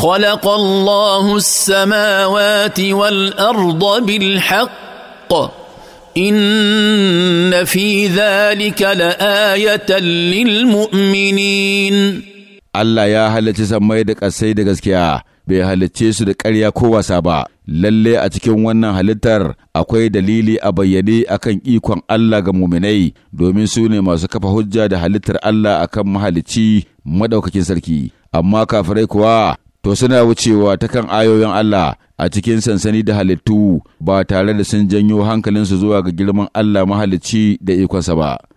خلق الله السماوات والارض بالحق ان في ذلك لايه للمؤمنين Allah ya halicci sammai da ƙasai da gaskiya bai halicce su da karya ko wasa ba Lallai a cikin wannan halittar akwai dalili a bayyane akan ikon Allah ga muminai domin sune masu kafa hujja da halittar Allah akan mahalicci madaukakin sarki amma kafirai kuwa to suna wucewa ta kan ayoyin Allah a cikin sansani da halittu ba tare da sun janyo hankalinsu zuwa ga girman Allah mahalicci da ikonsa ba.